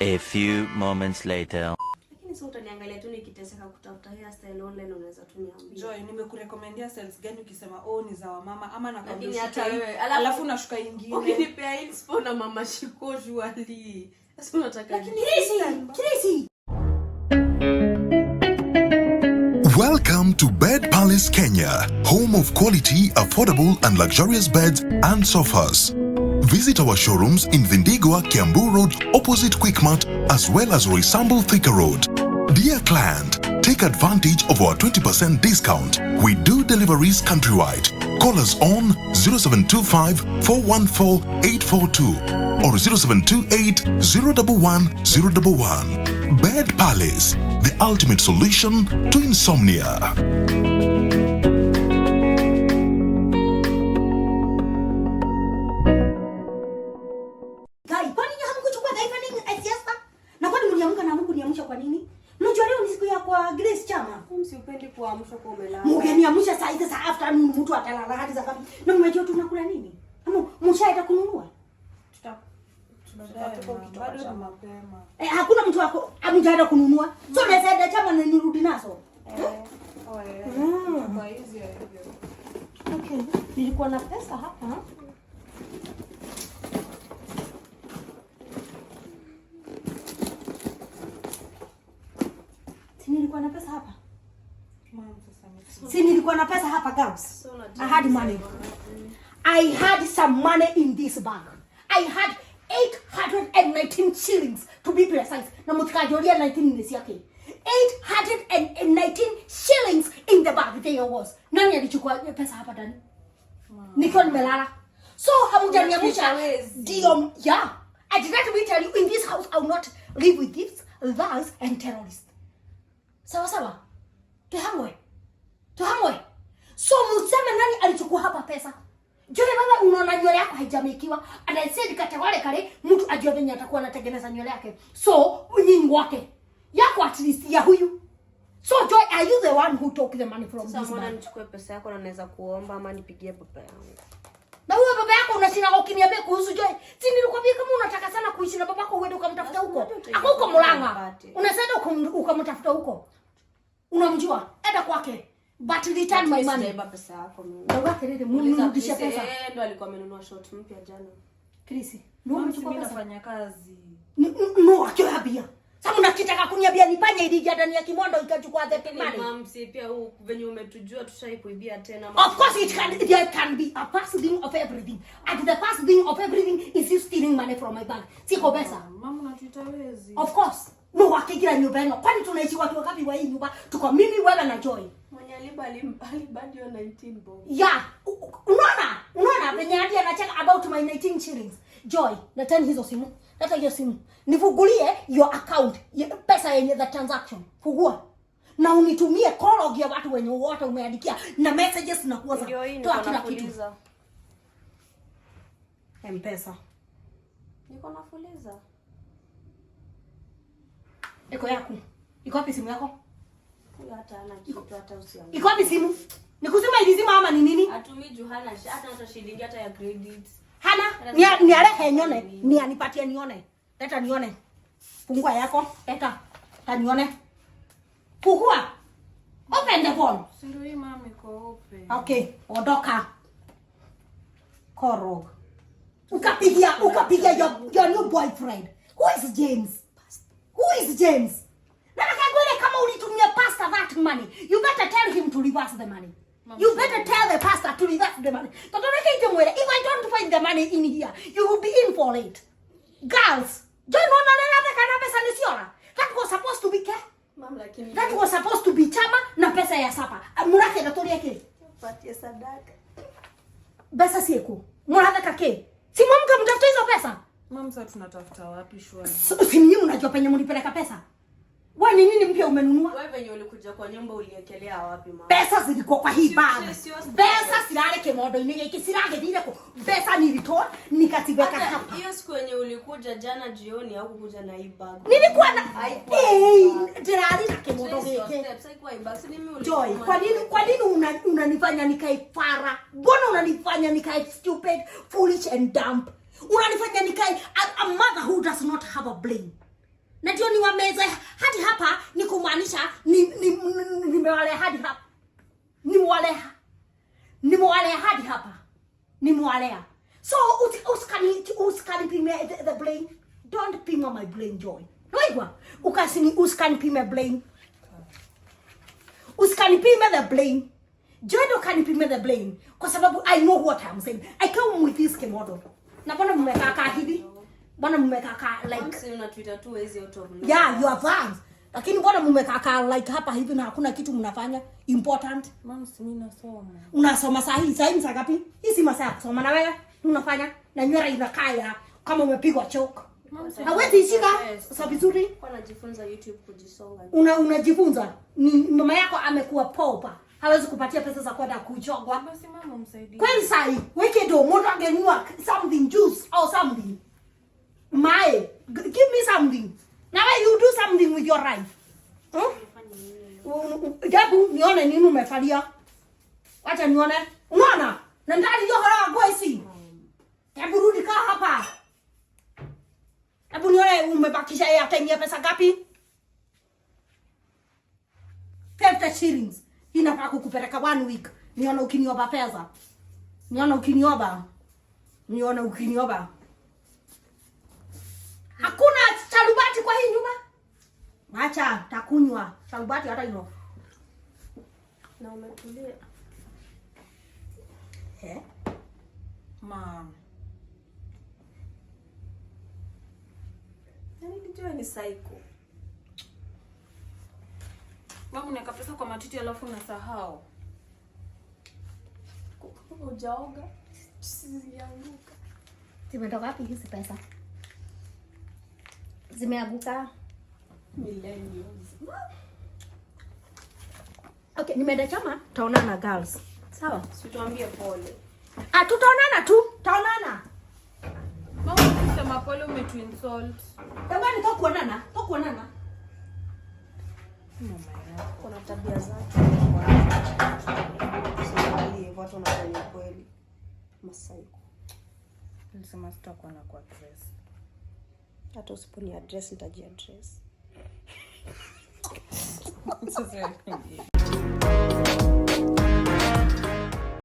A few moments later. Lakini sio utaniangalia tu nikiteseka kutafuta online, unaweza tu niambia. Joy, styles gani ukisema oh ni za wamama ama na Lakini hata wewe alafu unashuka ingine. Ukinipea inspo na mama shiko juali. Sasa unataka Lakini crazy, crazy. Welcome to Bed Palace Kenya, home of quality, affordable and luxurious beds and sofas. Visit our showrooms in Vindigua, Kiambu Road, opposite Quickmart, as well as Resamble Thika Road. Dear client, take advantage of our 20% discount. We do deliveries countrywide. Call us on 0725 414 842 or 0728 011 011. Bed Palace, the ultimate solution to insomnia. mukeniamsha saa hizi za afternoon mtu atalala hadi za kapi. Na mmejua tunakula nini? Ama mshaenda kununua? Tuta Eh, hakuna mtu wako amjaenda kununua. So mm. naenda chama na nirudi nazo. Eh, mm. Okay. Nilikuwa na pesa hapa. Si nilikuwa na pesa hapa. Si nilikuwa na pesa hapa Gams. I had money. I had some money in this bank. I had 819 shillings to be precise. Na mtikajolia 19 minutes yake. 819 shillings in the bank there was. Nani alichukua pesa hapa dani? Nikiwa nimelala. So hamjaniamsha. Ndio, yeah. I did not tell you in this house I will not live with thieves, thugs and terrorists. Sawa sawa tuhamwe tuhamwe So museme nani alichukua hapa pesa? Jole baba unaona nywele yako haijamikiwa. Anaisema nikate wale kale mtu ajue venye atakuwa anatengeneza nywele yake. So nyingi wake. Yako at least ya huyu. So Joy, are you the one who took the money from this man? Someone nichukue pesa yako na naweza kuomba ama nipigie baba yangu. Na huyo baba yako unashinda ukiniambia kuhusu Joy. Si nilikwambia kama unataka sana kuishi na babako uende ukamtafuta huko. Ako huko Mlanga. Unasema ukamtafuta huko unamjua, enda kwake but return my money. Pesa yako mimi mimi mrudishe pesa. Yeye ndo alikuwa amenunua short mpya jana. Chris, ndio mchukua pesa fanya kazi habia. Sasa nakitaka kuniambia nifanye ili jada ni ya kimondo ikachukua the money. Mom si pia huu venye umetujua tushai kuibia tena. Of course it can it can be a first thing of everything. And the first thing of everything is you stealing money from my bank. Siko pesa. Mama unatuita wezi. Of course. Mungu akiingia nyumba yenu. Kwani tunaishi watu wangapi wa hii nyumba? Tuko mimi wewe na Joy. Mwenye aliba aliba ndio 19 bob. Ya. Unaona? Unaona venye hadi anacheka about my 19 shillings. Joy, natani hizo simu. Hata hiyo simu. Nifugulie your account. Pesa yenye the transaction. Fugua. Na unitumie call ya watu wenye wote umeandikia na messages na kuwaza. Toa kila kitu. Mpesa. Niko nafuliza. Iko yako. Iko wapi simu yako? Hata hana kitu hata usiangalie. Iko wapi simu? Nikusema ilizima ama ni nini? Atumi juu hana hata hata shilingi hata ya credit. Hana? Ni ni arehe nione. Ni anipatie nione. Leta nione. Fungua yako. Leta. Ta nione. Fungua. Open the phone. Ndio hii mama iko open. Okay, ondoka. Korog. Ukapigia ukapigia your, your new boyfriend. Who is James? is James? Na Nakagwele, kama ulitumia pastor that money, you better tell him to reverse the money. You better tell the pastor to reverse the money. Toto reke Totoreke itemwele, if I don't find the money in here, you will be in for it. Girls, no na wana lelate kana pesa ni nisiora. That was supposed to be care. Mom, lakini. That was supposed to be chama na pesa ya sapa. Uh, Murake na tori Pati ya sadaka. Besa sieko. Murathe kake. Mamsa, tunatafuta wapi shwari? Si mnyi unajua penye mlipeleka pesa? Wewe ni nini mpya umenunua? Wewe venye ulikuja kwa nyumba uliekelea wapi mama? Pesa zilikuwa kwa hii bag. Pesa silale ni inenge kisilage dile ko. Pesa nilitoa nikatibeka hapa. Hiyo siku yenye ulikuja jana jioni au kukuja na hii bag. Nilikuwa na eh dirali na kemodo yake. Joy, kwa nini kwa nini unanifanya una nikae fara? Mbona unanifanya nikae stupid, foolish and dumb? unanifanya nikae. A, a mother who does not have a blame. Najua niwameze hadi hapa, ni kumaanisha nimewalea hadi hapa, nimewalea nimewalea hadi hapa, nimewalea. So usikani usikani pime the blame, don't pima my blame Joy. Noiwa ukasini, usikani uskanipime blame, pime the blame Joy, don't kanipime the blame, kwa sababu I know what I'm saying. I come with this model na mbona mmekaa kaa hivi? Mbona mmekaa kaa like sio na Twitter tu hizi auto Yeah, you are fans. Lakini mbona mmekaa kaa like hapa hivi na hakuna kitu mnafanya important? Mama, si mimi nasoma. Unasoma saa hii, saa hii saa ngapi? Hii si masaa ya kusoma na wewe. Unafanya na nywele inakaa ya kama umepigwa choke. Hawezi ishika sasa vizuri. Unajifunza YouTube kujisonga. Una unajifunza? Ni mama yako amekuwa popa hawezi kupatia pesa za kwenda kuchongwa. Kweli sai wiki ndio mtu angenua something juice au something my give me something now you do something with your life hmm? Jabu nione nini umefalia, wacha nione. Unaona na ndani hiyo hara voice. Hebu rudi kaa hapa. Hebu nione umebakisha yeye atanyia pesa ngapi? 50 shillings inafaa kukupeleka one week. Niona ukinioba pesa, niona ukinioba, niona ukinioba. Hakuna sharubati kwa hii nyumba, wacha takunywa sharubati hata hilo. Na umetulia eh, mama nani? Kijua ni psycho wewe unaweka pesa kwa matiti alafu unasahau. Ujaoga. Zimeanguka. Zimetoka wapi hizi pesa? Zimeanguka. Millennials. Okay, nimeenda chama, taonana girls. Sawa? Situambie pole. Ah, tutaonana tu. Taonana. Mama, ukisema pole umetuinsult. Kama nitokuonana, tokuonana kuna tabia zake watu wanafanya kweli masaiko. Nilisema sitakuwa na kuaddress, hata usiponi address nitajiaddress.